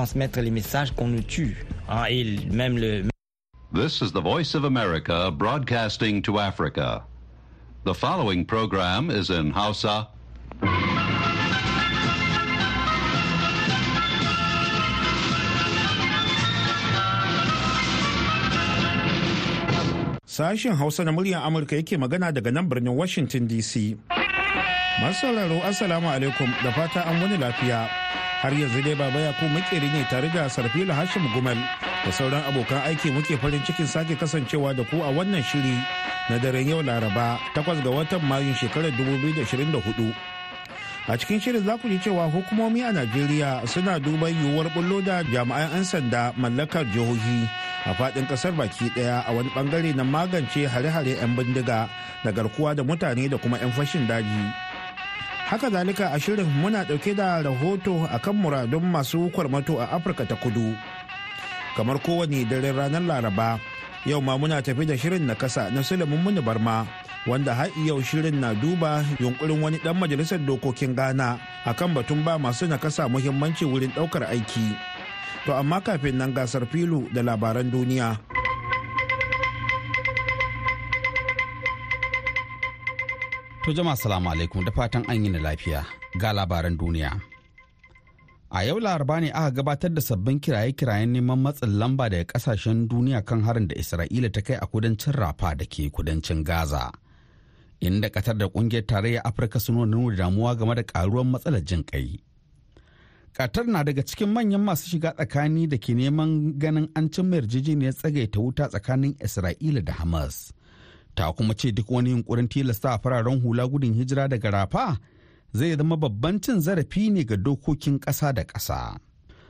transmettre les messages qu'on nous tue. Hein, et même le. This is the voice of America broadcasting to Africa. The following program is in Hausa. Sashen Hausa na muryar Amurka yake magana daga nan birnin Washington DC. Masu sauraro, Assalamu alaikum da fata an wani lafiya. har yanzu dai baba ya ku makeri ne tare da sarfila hashim gumal da sauran abokan aiki muke farin cikin sake kasancewa da ku a wannan shiri na daren yau laraba takwas ga watan mayun shekarar 2024 a cikin shirin za ku ji cewa hukumomi a najeriya suna duban yiwuwar bullo da jami'an 'yan sanda mallakar jihohi a fadin kasar baki ɗaya a wani ɓangare na magance hare-hare 'yan bindiga da garkuwa da mutane da kuma 'yan fashin daji haka zalika a shirin muna dauke da rahoto a kan muradun masu kwarmato a afirka ta kudu kamar kowane daren ranar laraba yau ma muna tafi da shirin na kasa na sulamin muni barma wanda har yau shirin na duba yunkurin wani dan majalisar dokokin ghana akan batun ba masu nakasa muhimmanci wurin ɗaukar aiki to amma kafin nan gasar filu da labaran duniya To jama'a salamu alaikum da fatan an yi lafiya ga labaran duniya. A yau laraba ne aka gabatar da sabbin kiraye-kirayen neman matsin lamba daga kasashen duniya kan harin da Isra'ila ta kai a kudancin Rafa da ke kudancin Gaza. Inda Qatar da kungiyar tarayya Afirka sun nuna damuwa game da karuwar matsalar jin kai. Qatar na daga cikin manyan masu shiga tsakani da ke neman ganin an cimma yarjejeniyar tsagaita wuta tsakanin Isra'ila da Hamas. ta kuma ce duk wani yunkurin tilasta fararen hula gudun hijira daga rafa zai zama babban cin zarafi ne ga dokokin ƙasa da ƙasa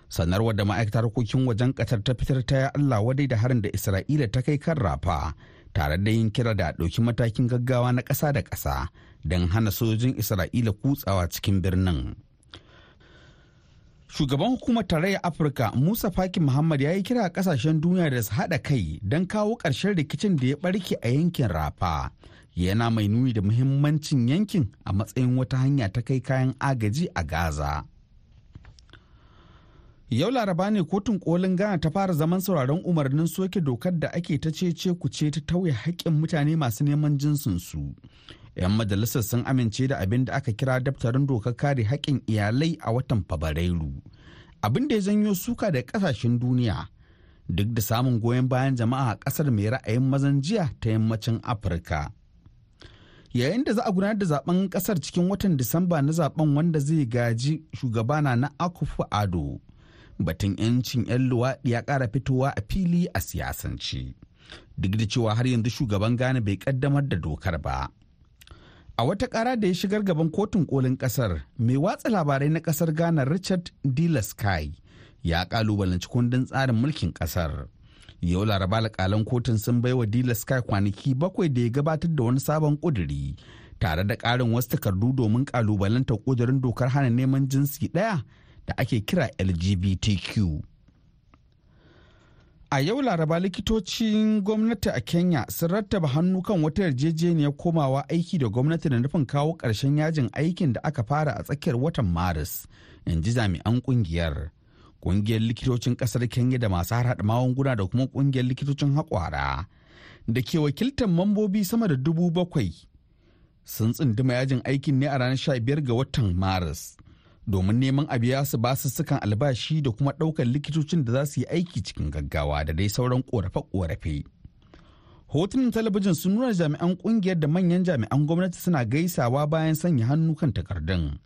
sanarwar da ma'aikatar harkokin wajen ƙasar ta fitar ta yi allah wadai da harin da isra'ila ta kai kan rafa tare da yin kira da ɗauki matakin gaggawa na ƙasa da ƙasa don hana sojojin isra'ila kutsawa cikin birnin shugaban hukumar tarayyar afirka musa faki muhammad ya yi kira kasashen duniya da su haɗa kai don kawo ƙarshen rikicin da ya ɓarke a yankin rafa yana mai nuni da muhimmancin yankin a matsayin wata hanya ta kai kayan agaji a gaza yau laraba ne kotun kolin ghana ta fara zaman sauraron umarnin soke dokar da ake ta cece ku ce ta tauye haƙƙin mutane masu neman jinsinsu 'yan majalisar sun amince da abin da aka kira daftarin dokar kare haƙƙin iyalai a watan fabrairu abin da ya janyo suka da ƙasashen duniya duk da samun goyon bayan jama'a a ƙasar mai ra'ayin mazan jiya ta yammacin afirka yayin da za a gudanar da zaben ƙasar cikin watan disamba na zaben wanda zai gaji shugaba na na akufu ado batun 'yancin 'yan luwaɗi ya kara fitowa a fili a siyasance duk da cewa har yanzu shugaban gane bai ƙaddamar da dokar ba a wata ƙara da ya shigar gaban kotun kolin ƙasar mai watsa labarai na ƙasar ghana richard d sky ya ƙalubalanci kundin tsarin mulkin ƙasar yau laraba alkalan kotun sun baiwa dila sky kwanaki bakwai da ya gabatar da wani sabon ƙuduri tare da ƙarin wasu takardu domin ƙalubalantar ƙudurin dokar hana neman jinsi ɗaya da ake kira lgbtq A yau laraba likitocin gwamnati a Kenya sun rattaba hannu kan wata yarjejeniyar komawa aiki da gwamnati da nufin kawo ƙarshen yajin aikin da aka fara a tsakiyar watan Maris, in ji jami'an ƙungiyar. Ƙungiyar likitocin ƙasar Kenya da masu harhaɗa magunguna da kuma ƙungiyar likitocin haƙwara da ke wakiltar mambobi sama da dubu bakwai sun tsunduma yajin aikin ne a ranar sha biyar ga watan Maris. domin neman a biya su sukan albashi da kuma ɗaukar likitocin da za su yi aiki cikin gaggawa da dai sauran ƙorafe-ƙorafe. Hotunan talabijin sun nuna jami'an ƙungiyar da manyan jami'an gwamnati suna gaisawa bayan sanya hannu kan takardun.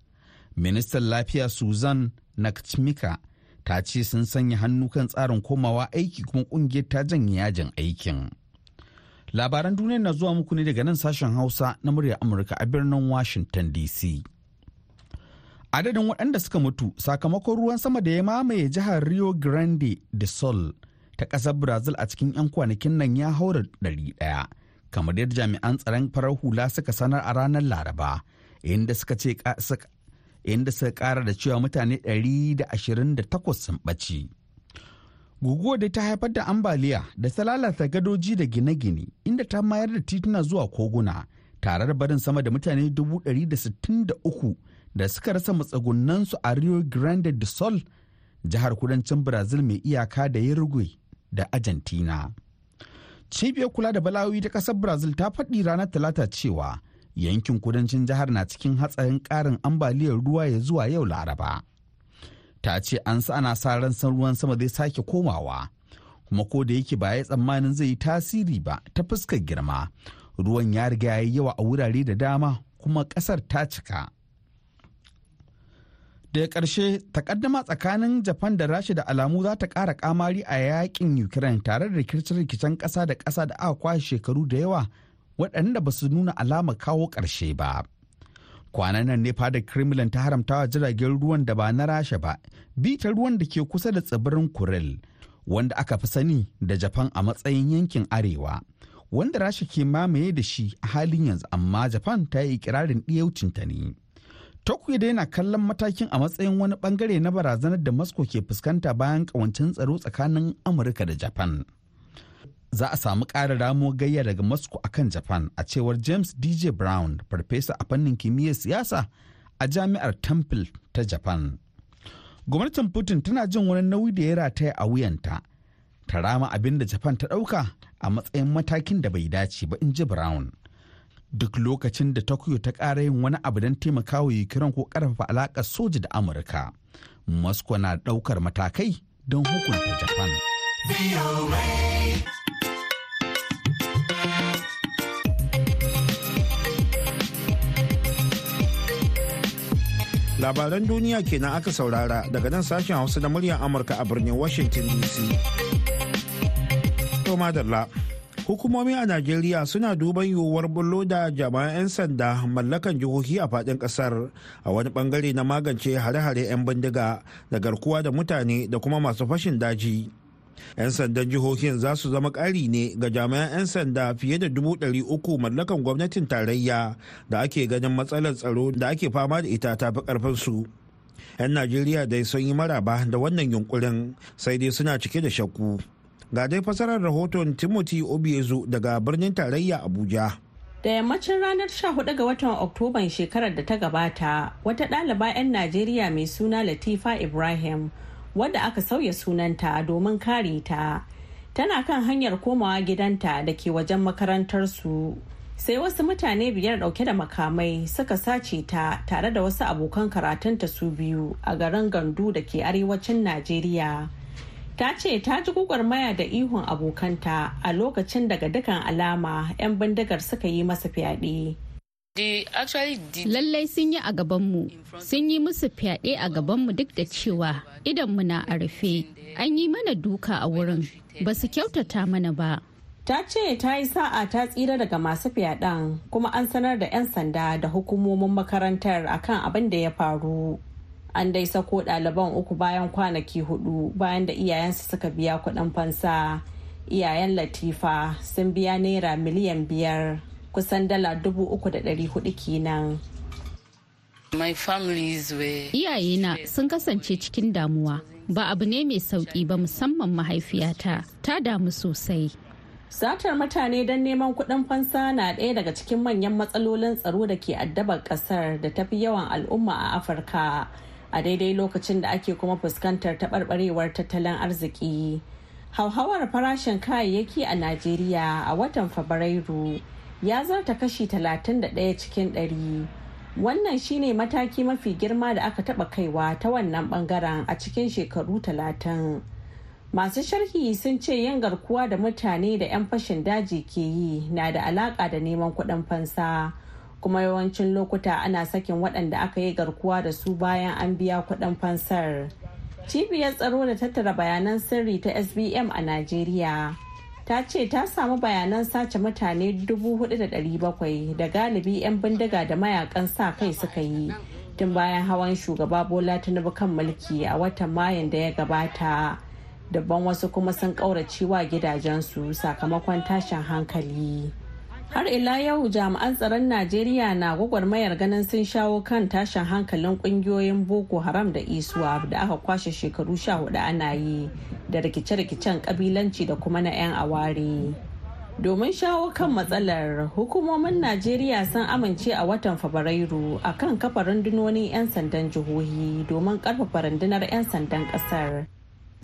Ministan Lafiya suzan Nakchmika ta ce sun sanya hannu kan tsarin komawa aiki kuma ƙungiyar ta janye yajin aikin. Labaran duniya na zuwa muku ne daga nan sashen Hausa na murya Amurka a birnin Washington DC. adadin waɗanda suka mutu sakamakon ruwan sama da ya mamaye jihar rio grande de sol ta ƙasar brazil a cikin 'yan kwanakin nan ya haura ɗari ɗaya kamar yadda jami'an tsaron farar hula suka sanar a ranar laraba inda suka ce inda suka ƙara da cewa mutane 128 sun ɓace guguwar da ta haifar da ambaliya da ta lalata gadoji da gine-gine inda ta mayar da tituna zuwa koguna tare da barin sama da mutane 163 da suka rasa matsagunansu a rio grande do sol jihar kudancin brazil mai iyaka da uruguay da argentina cibiyar kula da balawi ta kasar brazil ta faɗi ranar talata cewa yankin kudancin jihar na cikin hatsarin ƙarin ambaliyar ruwa ya zuwa yau laraba ta ce an sa ana sa ran san ruwan sama zai sake komawa kuma ko da yake ba ya tsammanin zai yi tasiri ba ta fuskar girma ruwan ya riga ya yi yawa a wurare da dama kuma ƙasar ta cika da ya ƙarshe takaddama tsakanin japan da rasha da alamu za ta ƙara kamari a yakin ukraine tare da rikice-rikicen ƙasa da ƙasa da aka kwashe shekaru da yawa waɗanda ba su nuna alama kawo karshe ba kwanan nan ne fadar kremlin ta haramta wa jiragen ruwan da ba na rasha ba bitar ruwan da ke kusa da tsibirin kuril wanda aka fi sani da japan a matsayin yankin arewa wanda rasha ke mamaye da shi a halin yanzu amma japan ta yi ikirarin ɗiyaucinta ne da yana kallon matakin a matsayin wani bangare na barazanar da Moscow ke fuskanta bayan kawancin tsaro tsakanin Amurka da Japan. Za a samu ƙara ramo gayya daga Moscow akan Japan a cewar James DJ Brown, farfesa a fannin kimiyyar siyasa a jami'ar Temple ta Japan. Gwamnatin Putin tana jin wani nauyi da ya rataya a wuyanta, ta rama abin da Japan ta ɗauka a matsayin matakin da bai dace ba in ji Brown. duk lokacin da tokyo ta ƙara yin wani abu don taimaka taimakawa ukraine ko ƙarfafa alaƙar soja da amurka moscow na ɗaukar matakai don hukunta japan labaran duniya kenan aka saurara daga nan sashen hausa da muryar amurka a birnin washington dc hukumomi a najeriya suna duban yiwuwar bullo da jama'an 'yan sanda mallakan jihohi a fadin kasar a wani bangare na magance hare-hare 'yan bindiga da garkuwa da mutane da kuma masu fashin daji 'yan sandan jihohin za su zama ƙari ne ga jami'an 'yan sanda fiye da dubu ɗari uku mallakan gwamnatin tarayya da ake ganin matsalar tsaro da ake fama da ita tafi su 'yan najeriya dai sun yi maraba da wannan yunkurin sai dai suna cike da shakku ga dai fasarar rahoton timothy obiezu daga birnin tarayya abuja da yammacin ranar 14 ga watan oktoban shekarar da ta gabata wata ɗaliba 'yan najeriya mai suna latifa ibrahim wadda aka sauya sunanta domin kare ta tana kan hanyar komawa gidanta da ke wajen makarantarsu sai wasu mutane biyar dauke da makamai suka sace ta tare da wasu abokan karatunta su biyu a garin gandu da ke arewacin najeriya ta ce ta ji gwagwarmaya da ihun abokanta a lokacin daga dukan alama 'yan bindigar suka yi masa fyaɗe. Lallai sun yi a gabanmu, sun yi musu fyaɗe a gabanmu duk da cewa idanmu na a rufe, an yi mana duka a wurin, ba su kyautata mana ba. Ta ce ta yi sa'a ta tsira daga masu fyaɗen kuma an sanar da 'yan sanda da hukumomin makarantar akan abin da ya faru. an dai sako ɗaliban uku bayan kwanaki hudu bayan da iyayensu suka biya kuɗin fansa iyayen latifa sun biya naira miliyan biyar kusan dala dubu uku da ɗari hudu kenan iyayena sun kasance cikin damuwa ba abu ne mai sauƙi ba musamman mahaifiyata ta damu sosai satar mutane don neman kuɗin fansa na ɗaya daga cikin manyan matsalolin tsaro da ke addabar ƙasar da tafi yawan al'umma a afirka a daidai lokacin da ake kuma fuskantar taɓarɓarewar tattalin arziki. Hauhawar farashin kayayyaki a Najeriya a watan Fabrairu ya zarta kashi 31 cikin ɗari. Wannan shine mataki mafi girma da aka taɓa kaiwa ta wannan ɓangaren a cikin shekaru talatin. Masu sharhi sun ce yin garkuwa da mutane da 'yan fashin daji ke yi na da alaƙa da neman kuɗin fansa kuma yawancin lokuta ana sakin waɗanda aka yi garkuwa da su bayan an biya kuɗin fansar cibiyar tsaro da tattara bayanan sirri ta sbm a najeriya ta ce ta samu bayanan sace mutane 4,700 da galibi 'yan bindiga da mayakan sa kai suka yi tun bayan hawan shugaba bola ta tinubu kan mulki a watan mayan da ya gabata dabban wasu kuma sun kauracewa gidajensu sakamakon tashin hankali. har ila yau jami'an tsaron najeriya na gwagwarmayar ganin sun shawo kan tashin hankalin kungiyoyin boko haram da isuwa da aka kwashe shekaru sha hudu ana yi da rikice-rikicen kabilanci da kuma na 'yan aware domin shawo kan matsalar hukumomin najeriya sun amince a watan fabrairu a kan kafa rundunonin 'yan sandan jihohi domin karfafa rundunar 'yan sandan kasar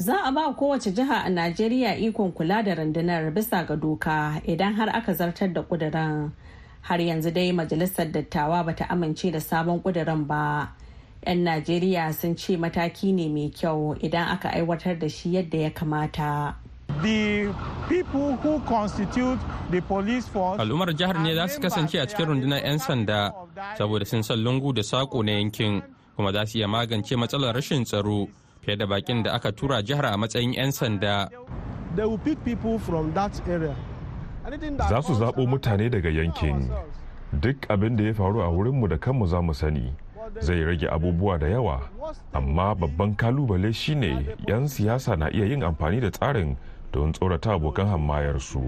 Za a ba kowace jiha a Najeriya ikon kula da rundunar bisa ga doka idan har aka zartar da kuduran Har yanzu dai majalisar dattawa bata amince da sabon kuduran ba. 'Yan Najeriya sun ce mataki ne mai kyau idan aka aiwatar da shi yadda ya kamata. the people who constitute the police force al'ummar jihar ne za su kasance a cikin rundunar 'yan sanda saboda sun san lungu da sako na yankin kuma za su iya magance matsalar rashin tsaro fiye da bakin da aka tura jihar a matsayin 'yan sanda. Za su zaɓo mutane daga yankin. Duk abin da ya faru a wurinmu da kanmu za mu sani zai rage abubuwa da yawa, amma babban kalubale shine 'yan siyasa na iya yin amfani da tsarin don tsorata abokan hammayarsu.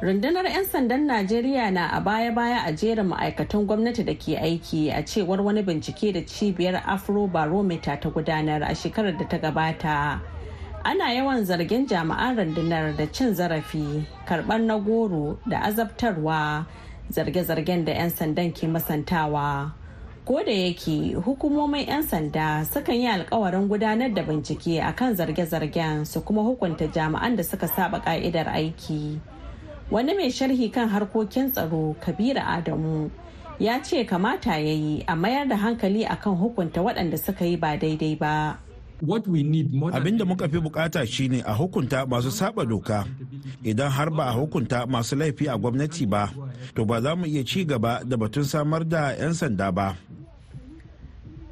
rundunar 'yan sandan najeriya na a baya-baya a jerin ma'aikatan gwamnati da ke aiki a cewar wani bincike da cibiyar afro barometer ta gudanar a shekarar da ta gabata ana yawan zargin jami'an rundunar da cin zarafi karɓar na goro da azabtarwa zarge-zargen da 'yan sandan ke masantawa ko da yake hukumomin 'yan sanda sukan yi alkawarin gudanar da bincike akan zarge-zargen su kuma hukunta jami'an da suka saba ka'idar aiki. wani mai sharhi kan harkokin tsaro kabira adamu ya ce kamata ya yi a mayar da hankali a kan hukunta waɗanda suka yi ba daidai ba abin da muka fi bukata shine a hukunta masu saba doka idan har ba a hukunta masu laifi a gwamnati ba to ba za mu iya ci gaba da batun samar da 'yan sanda ba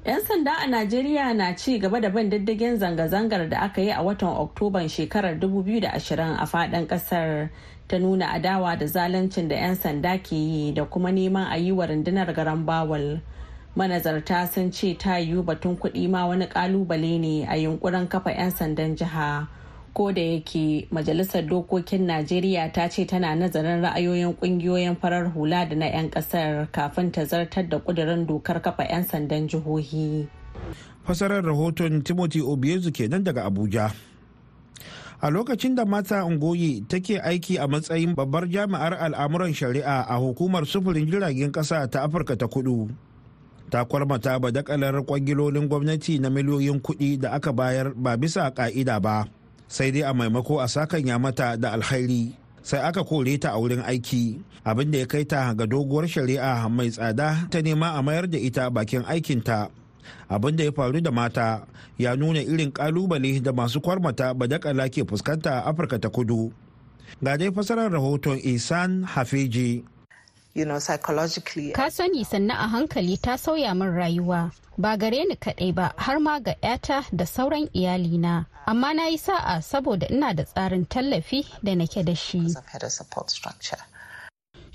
'yan sanda a najeriya na ci gaba da bin diddigin zanga-zangar da aka yi a watan oktoban shekarar 2020 a faɗin ƙasar ta nuna adawa da zaluncin da 'yan sanda ke yi da kuma neman a yi wa rundunar garan bawal manazarta sun ce ta yiwu batun kuɗi ma wani ƙalubale ne a yunkurin kafa 'yan sandan jiha ko da yake majalisar dokokin najeriya ta ce tana nazarin ra'ayoyin ƙungiyoyin farar hula da na 'yan ƙasar kafin ta zartar da ƙudurin dokar kafa 'yan sandan jihohi fasarar rahoton timothy obiezu kenan daga abuja a lokacin da mata ungoyi take aiki a matsayin babbar jami'ar al'amuran shari'a a hukumar sufurin jiragen ƙasa ta afirka ta kudu ta kwarmata badakalar kwangilolin gwamnati na miliyoyin kuɗi da aka bayar ba bisa ƙa'ida ba sai dai a maimako a sakanya mata da alhairi sai aka kore ta a wurin aiki abin da ya kai ta ga doguwar shari'a mai tsada ta nema a mayar da ita bakin aikinta. ta abin da ya faru da mata ya nuna irin kalubale da masu kwarmata badakala ke fuskanta a afirka ta kudu ga dai fasarar rahoton isan hafeji Ka sani sannan a hankali ta sauya min rayuwa. Ba gare ni kaɗai ba har ma ga 'yata da sauran iyalina. Amma na yi sa'a saboda ina da tsarin tallafi da nake da shi.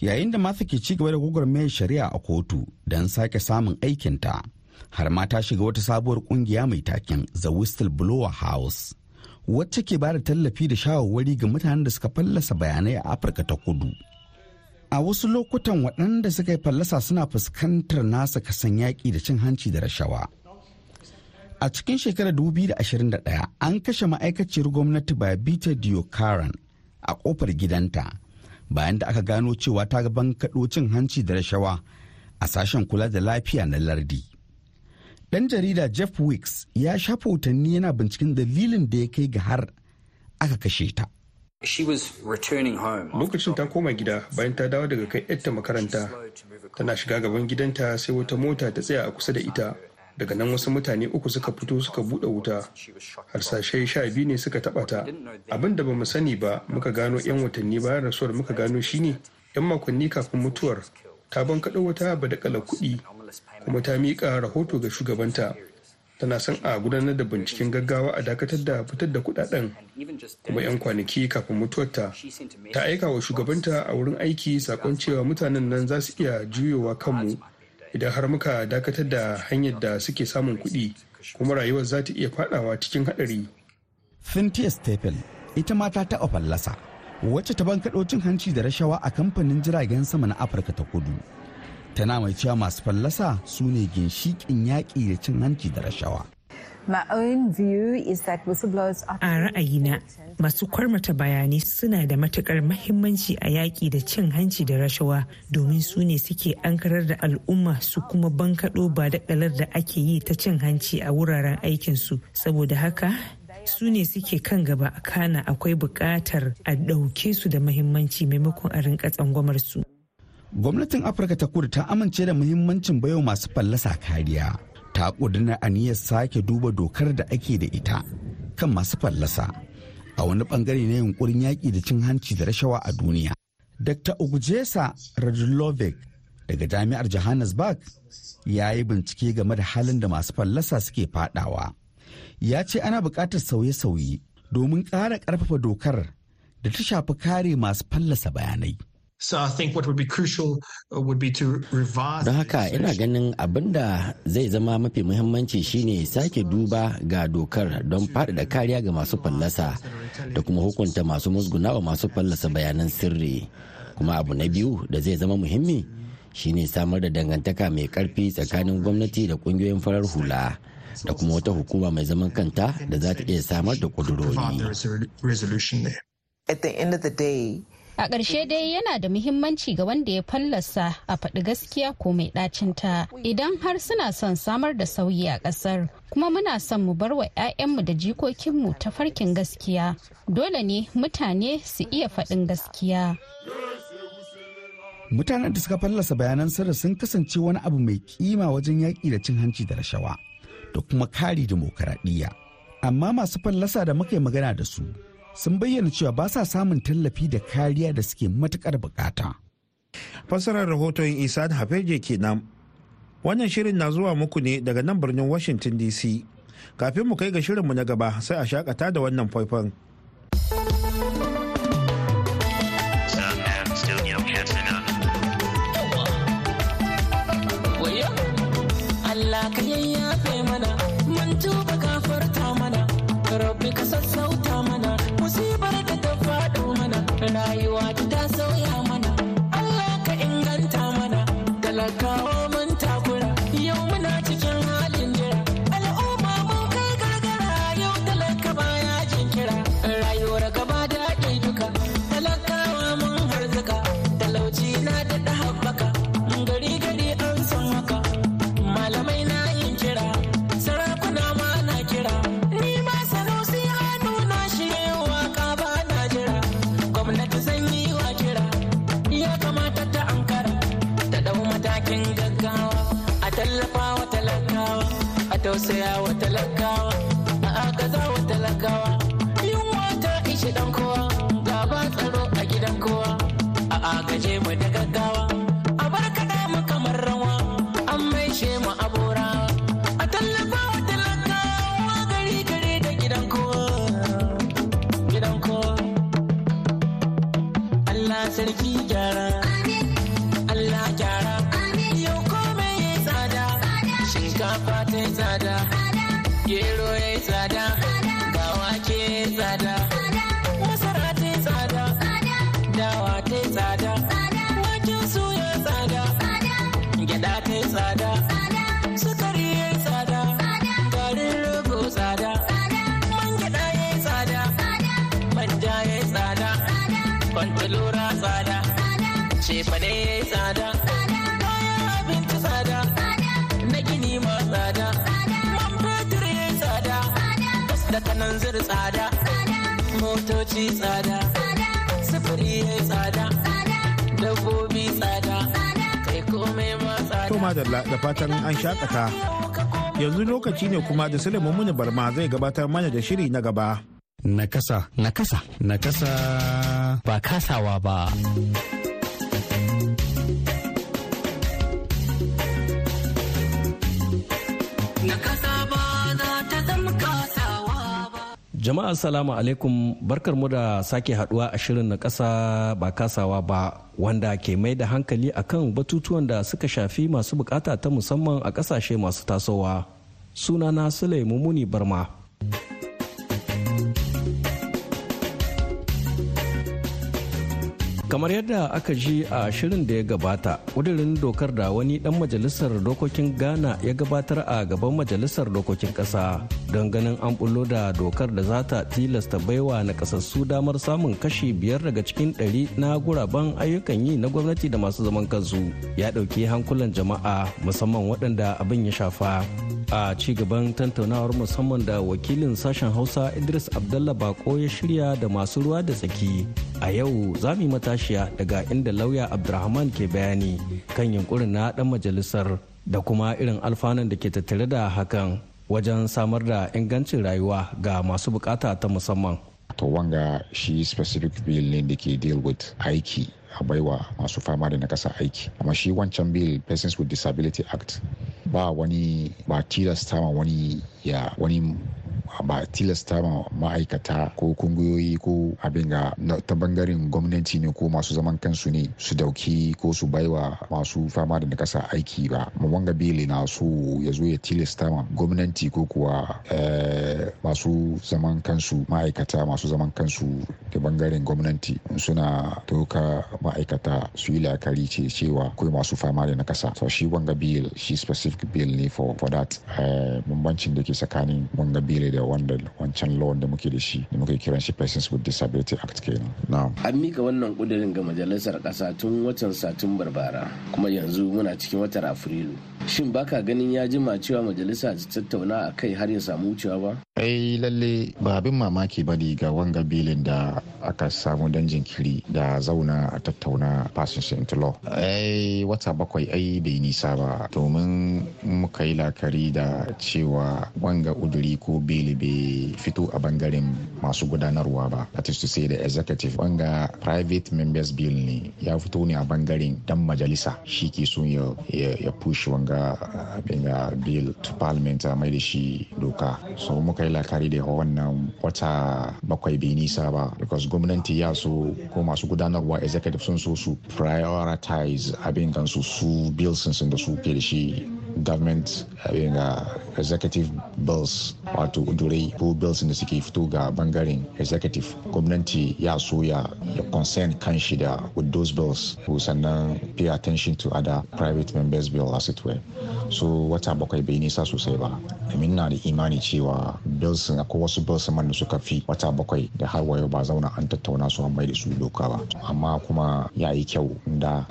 Yayin da masu ke ci gaba da gwagwarmayar shari'a a kotu don sake samun aikinta. har ma ta shiga wata sabuwar kungiya mai taken The Whistleblower House wacce ke bada tallafi da shawarwari ga mutanen da suka fallasa bayanai a Afirka ta Kudu. A wasu lokutan waɗanda suka yi fallasa suna fuskantar nasa kasan yaƙi da cin hanci da rashawa. A cikin shekarar 2021 an kashe ma'aikaciyar gwamnati Babita Diokaran a ƙofar gidanta bayan da aka gano cewa ta bankaɗo cin hanci da rashawa a sashen kula da lafiya na lardi. ɗan jarida jeff weeks ya shafa watanni yana binciken dalilin da ya kai ga har aka kashe ta lokacin ta koma gida bayan ta dawo daga kai yarta makaranta tana shiga gaban gidanta sai wata mota ta tsaya a kusa da ita daga nan wasu mutane uku suka fito suka buɗe wuta harsashai sha biyu ne suka taɓa ta abin da bamu sani ba muka gano 'yan watanni bayan rasuwar muka gano shine 'yan makonni kafin mutuwar ta bankaɗo wata da ba kala kuɗi kuma ta miƙa rahoto ga shugabanta tana son a gudanar da binciken gaggawa a dakatar da fitar da kudaden kuma 'yan kwanaki kafin mutuwarta ta aika wa shugabanta a wurin aiki sakon cewa mutanen nan za su iya juyowa kanmu idan har muka dakatar da hanyar da suke samun kuɗi kuma rayuwar za ta iya fadawa cikin haɗari. Fintia Staple ita mata ta taɓa fallasa wacce ta bankaɗo cin hanci da rashawa a kamfanin jiragen sama na Afirka ta Kudu. tana mai cewa masu fallasa su ne ginshikin yaƙi da cin hanci da rashawa A ra'ayina, masu kwarmata bayanai suna da matukar mahimmanci a yaƙi da cin hanci da rashawa domin su ne suke ankarar da al'umma su kuma bankaɗo ba daƙalar da ake yi ta cin hanci a wuraren aikinsu. Saboda haka, su ne suke kan gaba a kana akwai buƙatar a ɗauke su da mahimmanci maimakon a rinka tsangwamarsu. gwamnatin afirka ta kudu ta amince da muhimmancin baiwa masu fallasa kariya ta na aniyar sake duba dokar da ake da ita kan masu fallasa a wani bangare na yunkurin yaƙi da cin hanci da rashawa a duniya dr ogujesa radulovic daga jami'ar johannesburg ya yi bincike game da halin da masu fallasa suke fadawa ya ce ana buƙatar sauye-sauye domin ƙara ƙarfafa dokar da ta shafi kare masu fallasa bayanai So I think what would be crucial uh, would be to revise. Don haka ina ganin abin da zai zama mafi muhimmanci shine sake duba ga dokar don faɗaɗa kariya ga masu fallasa da kuma hukunta masu musguna wa masu fallasa bayanan sirri. Kuma abu na biyu da zai zama muhimmi shine samar da dangantaka mai karfi tsakanin gwamnati da kungiyoyin farar hula. da kuma wata hukuma mai zaman kanta da za ta iya samar da ƙudurori. At the end of the day, a ƙarshe dai yana da muhimmanci ga wanda ya fallasa a faɗi gaskiya ko mai ɗacin ta idan har suna son samar da sauyi a ƙasar kuma muna son mu bar wa 'ya'yanmu da jikokinmu ta farkin gaskiya dole ne mutane su iya faɗin gaskiya mutanen da suka fallasa bayanan sirri sun kasance wani abu mai kima wajen yaƙi da cin hanci da rashawa da kuma kari dimokuraɗiyya amma masu fallasa da muka yi magana da su sun bayyana cewa ba sa samun tallafi da kariya da suke matukar bukata. Fasarar rahoton isa da hafeje kenan wannan shirin na zuwa muku ne daga nan birnin washington dc kafin mu kai ga shirinmu na gaba sai a shakata da wannan faifan. Allah ka yayyafe mana, mun tuba kafarta mana, rabbi ka sassauta mana. try agaje mu da kanzir tsada motoci tsada sufuri ya tsada dabbobi tsada kai komai ma tsada to da fatan an shakata yanzu lokaci ne kuma da Suleiman Muni Barma zai gabatar mana da shiri na gaba. kasa. Na kasa Ba kasawa ba. Jama'a salamu alaikum barkar mu da sake haduwa a shirin na kasa ba kasawa ba wanda ke mai da hankali akan batutuwan da suka shafi masu bukata ta musamman a kasashe masu tasowa. Sunana Sulaimu Muni Barma. kamar yadda aka ji a shirin da ya gabata ƙudurin dokar da wani ɗan majalisar dokokin ghana ya gabatar a gaban majalisar dokokin ƙasa don ganin an bullo da dokar da za ta tilasta baiwa na kasassu damar samun kashi biyar daga cikin ɗari na guraben ayyukan yi na gwamnati da masu zaman kansu ya ɗauki hankulan jama'a musamman waɗanda abin ya shafa a ci gaban tantaunawar musamman da wakilin sashen hausa idris abdallah bako ya shirya da masu ruwa da tsaki a yau za mu yi matashiya daga inda lauya abdulrahman ke bayani kan yunkurin na dan majalisar da kuma irin alfanun da ke tattare da hakan wajen samar da ingancin rayuwa ga masu bukata ta musamman to wanga shi specific bill ne da ke deal with aiki a baiwa masu fama da na kasa aiki amma shi wancan bill persons with disability act ba wani ba tilasta ma wani ya wani ba tilasta ma ma'aikata ko kungiyoyi ko abin ga ta bangaren gwamnati ne ko masu zaman kansu ne su dauki ko su baiwa masu fama da nakasa aiki ba mu wanga bele na so ya zo ya tilasta ma gwamnati ko kuwa eh, masu zaman kansu ma'aikata masu zaman kansu da bangaren gwamnati suna doka ma'aikata su yi la'akari ce cewa akwai masu fama da nakasa so shi wanga bill shi specific bill ne for, for that eh, bambancin da ke tsakanin wanga bele da daga wanda wancan lawan da muke da shi da muke kiran shi persons with disability act kenan na'am an mika wannan kudirin ga majalisar kasa tun watan satumbar bara kuma yanzu muna cikin watan afrilu shin baka ganin ya jima cewa majalisa ta tattauna a kai har ya samu wucewa ba ai lalle ba abin mamaki ba ga wanga bilin da aka samu dan jinkiri da zauna a tattauna passenger into law ai wata bakwai ai bai nisa ba domin muka yi lakari da cewa wanga uduri ko bilin bai fito a bangaren masu gudanarwa ba that is to say the executive wanga private members bill ne ya fito ne a bangaren dan majalisa shi ke son ya push wanga uh, benga bill to parliament a mai da shi doka so muka yi lakari da wannan wata bakwai bai nisa ba because gwamnati ya so ko masu gudanarwa executive sun so su prioritize abin gansu su bills sun da su ke da shi government abin executive bills wato kudurai ko bills da suke fito ga bangaren executive gwamnati ya so ya concern kan shi da with those bills sannan pay attention to other private members bill as it were so wata bakwai bai nisa sosai ba domin na da imani cewa bills akwai wasu bills man da suka fi wata bakwai da har wayo ba zauna an tattauna su an mai da su doka ba amma kuma ya yi kyau da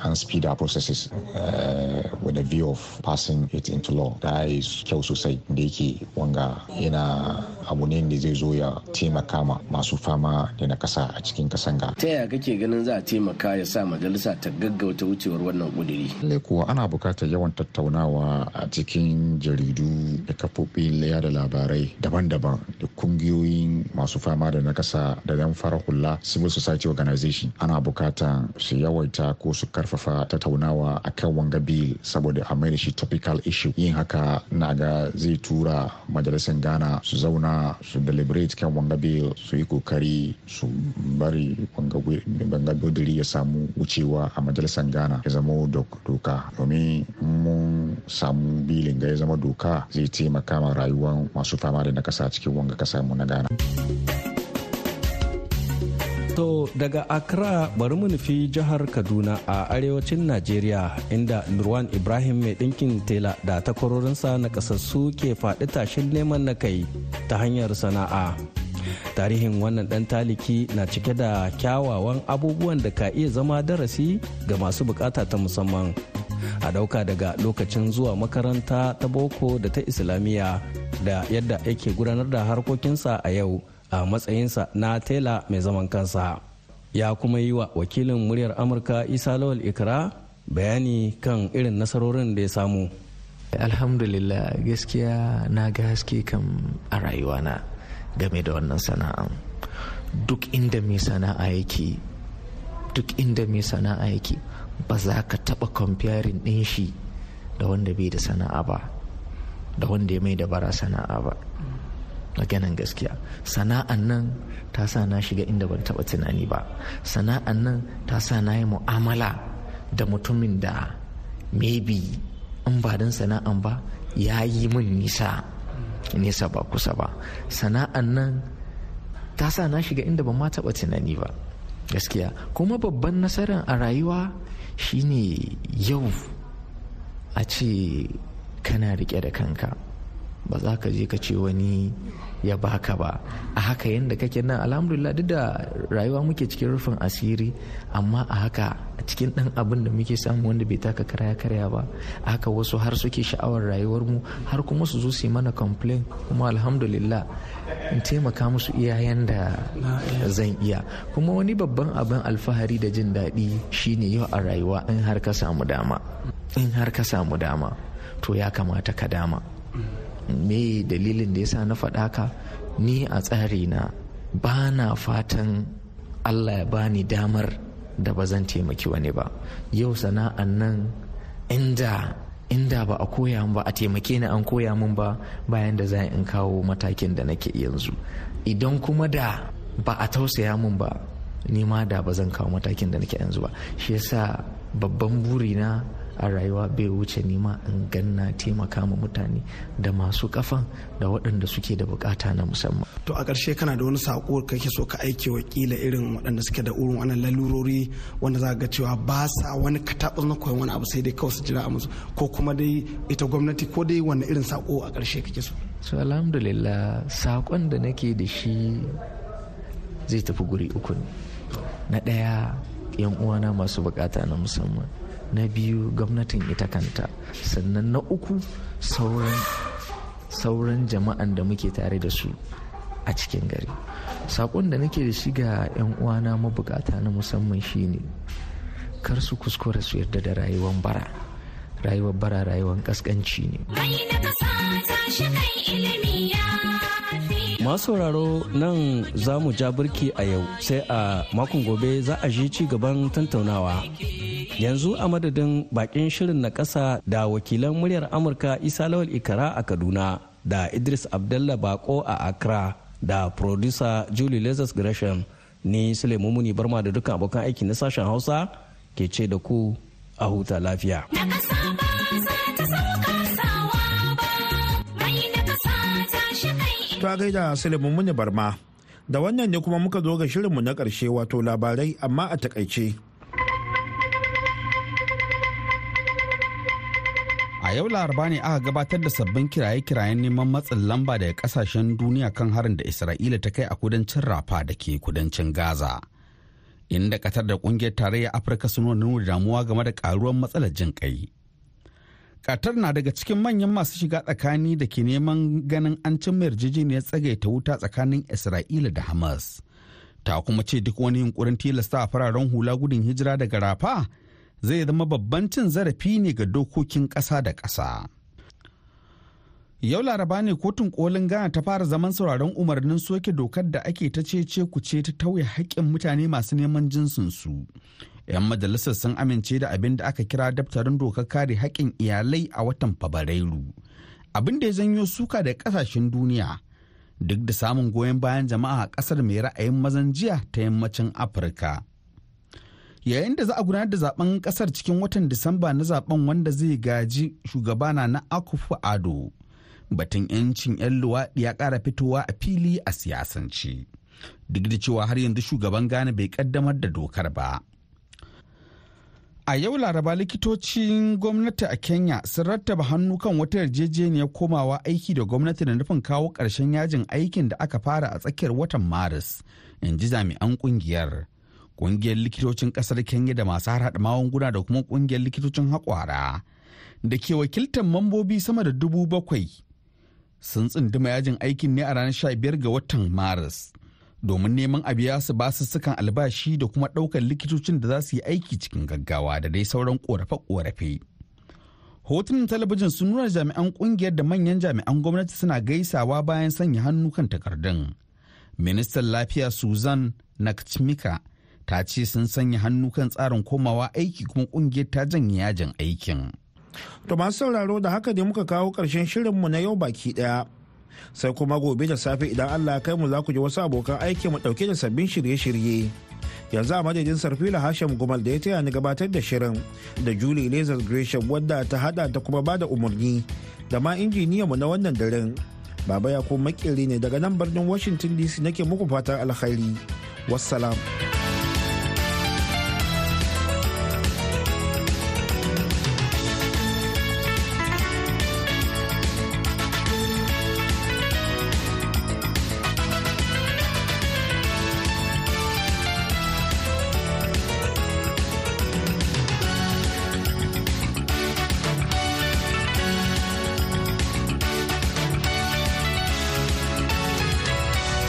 an speed up processes uh, with a view of passing it into law that is kyau sosai da yake wanga yana abu ne da zai zo ya taimaka ma masu fama da na kasa a cikin kasan ga. Ta yaya kake ganin za a taimaka ya sa majalisa ta gaggauta wucewar wannan kuduri? kuwa ana bukatar yawan tattaunawa a cikin jaridu da kafofin yada labarai daban-daban da kungiyoyin masu fama da na kasa da yan fara hula civil society organization ana bukatar su yawaita ko su karfafa tattaunawa akan wanga bil saboda a mai da shi topical issue yin haka na a ga zai tura majalisar ghana su zauna su deliberate kan wanga su yi kokari su bari wanga budiri ya samu wucewa a majalisar ghana ya zama doka domin mun samu bilin ga ya zama doka zai taimaka ma rayuwar masu fama da kasa cikin wanga kasa mu na ghana To daga Accra bari mu nufi jihar Kaduna a arewacin Najeriya inda Nurwan Ibrahim mai ɗinkin tela da takwarorinsa na su ke faɗi tashin neman na kai ta hanyar sana'a. Tarihin wannan ɗan taliki na cike da kyawawan abubuwan da ka iya zama darasi ga masu bukata ta musamman. A ɗauka daga lokacin zuwa makaranta ta boko da ta islamiyya da yadda yake gudanar da harkokinsa a yau. a matsayinsa na tela mai zaman kansa ya kuma yi wa wakilin muryar amurka isa lawal ikra bayani kan irin nasarorin da ya samu alhamdulillah gaskiya na ga haske kan a rayuwana game da wannan sana'a duk inda mai sana'a yake duk inda mai sana'a yake ba za ka taba kwamfiyarin ɗin shi da wanda bai da sana'a ba da wanda ya mai da bara sana'a ba maganan gaskiya sana'an nan ta sa na shiga inda ban taba tunani ba sana'an nan ta sa na yi mu'amala da mutumin da maybe in ba don sana'an ba ya yi min nisa nisa ba kusa ba sana'an nan ta sa na shiga inda ban ma taba tunani ba gaskiya kuma babban nasarar a rayuwa shine yau a ce kana rike da kanka ba za ka je ka ce wani ya baka ba a haka yadda kake nan alhamdulillah duk da rayuwa muke cikin rufin asiri amma a haka cikin ɗan abin da muke samu wanda bai taka karya karya ba a haka wasu har suke sha'awar rayuwar mu har kuma su zo su yi mana complain kuma alhamdulillah in taimaka musu iyayen da zan iya kuma wani babban abin alfahari da jin daɗi shine yau a rayuwa in har ka samu dama in har ka samu dama to ya kamata ka dama me dalilin da yasa na faɗa ka ni a tsari na ba na fatan allah ya bani damar da ba zan taimaki wani ba yau sana'an nan inda inda ba a koya ba a taimake ni an koya min ba bayan da zan in kawo matakin da nake yanzu idan kuma da ba a tausaya min ba ni ma da ba zan kawo matakin da nake yanzu ba shi yasa babban burina a rayuwa bai wuce nema in ganna taimaka ma mutane da masu kafan da waɗanda suke da bukata na musamman. To a ƙarshe kana da wani saƙo kake so ka aike wa kila irin waɗanda suke da urin wannan lalurori wanda za ga cewa ba sa wani kataɓar na koyon wani abu sai dai kawai su jira a musu ko kuma dai ita gwamnati ko dai wani irin saƙo a ƙarshe kake so. So alhamdulillah saƙon da nake da shi zai tafi guri uku ne. Na ɗaya 'yan uwana masu bukata na musamman. na biyu gwamnatin ita kanta sannan na uku sauran sauran jama'an da muke tare da su a cikin gari saƙon da nake da shiga ga 'yan uwana mabukata na musamman shine kar su kuskura su yarda da rayuwar bara rayuwar bara rayuwar kaskanci ne masu sauraro nan za mu ja birki a yau sai a makon gobe za a ji ci gaban tantaunawa yanzu a madadin bakin shirin na ƙasa da wakilan muryar amurka isa lawal ikara a kaduna da idris abdallah bako a accra da producer julie lazarus gresham ni sulaimu muni barma da dukkan abokan aiki na sashen hausa ke ce da ku a huta lafiya ta gaida sulaimu muni barma da wannan ne kuma muka zo ga shirinmu na ƙarshe wato labarai amma a takaice a yau laraba ne aka gabatar da sabbin kiraye-kirayen neman matsin lamba daga kasashen duniya kan harin da isra'ila ta kai a kudancin rafa da ke kudancin gaza inda katar da kungiyar tarayya afirka sun nuna damuwa game da karuwar matsalar jin kai katar na daga cikin manyan masu shiga tsakani da ke neman ganin an cimma yarjejeniyar tsagaita wuta tsakanin isra'ila da hamas ta kuma ce duk wani yunkurin tilasta a fararen hula gudun hijira daga rafa zai zama babban cin zarafi ne ga dokokin ƙasa da ƙasa. Yau laraba ne kotun kolin Ghana ta fara zaman sauraron umarnin soke dokar da ake ta ku ce ta tauye haƙƙin mutane masu neman jinsin su 'Yan majalisar sun amince da abin da aka kira daftarin dokar kare haƙƙin iyalai a watan Fabrairu. Abin da ya janyo suka da ƙasashen duniya. Duk da samun goyon bayan jama'a a ƙasar mai ra'ayin mazan jiya ta yammacin Afirka. yayin da za a gudanar da zaben kasar cikin watan disamba na zaben wanda zai gaji shugabana na akufu ado batun 'yancin 'yan luwaɗi ya ƙara fitowa a fili a siyasance duk da cewa har yanzu shugaban ghana bai kaddamar da dokar ba a yau laraba likitocin gwamnati a kenya sun rattaba hannu kan wata yarjejeniyar komawa aiki da gwamnati da nufin kawo ƙarshen yajin aikin da aka fara a tsakiyar watan maris in ji jami'an kungiyar ƙungiyar likitocin ƙasar kenya da masu harhaɗa magunguna da kuma kungiyar likitocin haƙwara da ke wakiltar mambobi sama da dubu bakwai sun tsinduma yajin aikin ne a ranar biyar ga watan maris domin neman a biya su basussukan albashi da kuma ɗaukar likitocin da za su yi aiki cikin gaggawa da dai sauran korafe-korafe hotunan talabijin sun nuna jami'an ƙungiyar da manyan jami'an gwamnati suna gaisawa bayan sanya hannu kan takardun ministan lafiya susan nakchimika ta ce sun sanya hannu kan tsarin komawa aiki kuma kungiyar ta janye yajin aikin. To masu sauraro da haka ne muka kawo ƙarshen shirinmu na yau baki ɗaya. Sai kuma gobe da safe idan Allah kai mu za ku ji wasu abokan aiki mu ɗauke da sabbin shirye-shirye. Yanzu a madadin Sarfila Hashim Gumal da ya taya ni gabatar da shirin da Julie Lazar Gresham wadda ta hada ta kuma bada umarni da ma injiniya mu na wannan daren. Baba ya ko makiri ne daga nan birnin Washington DC nake muku fatan alkhairi. Wassalam.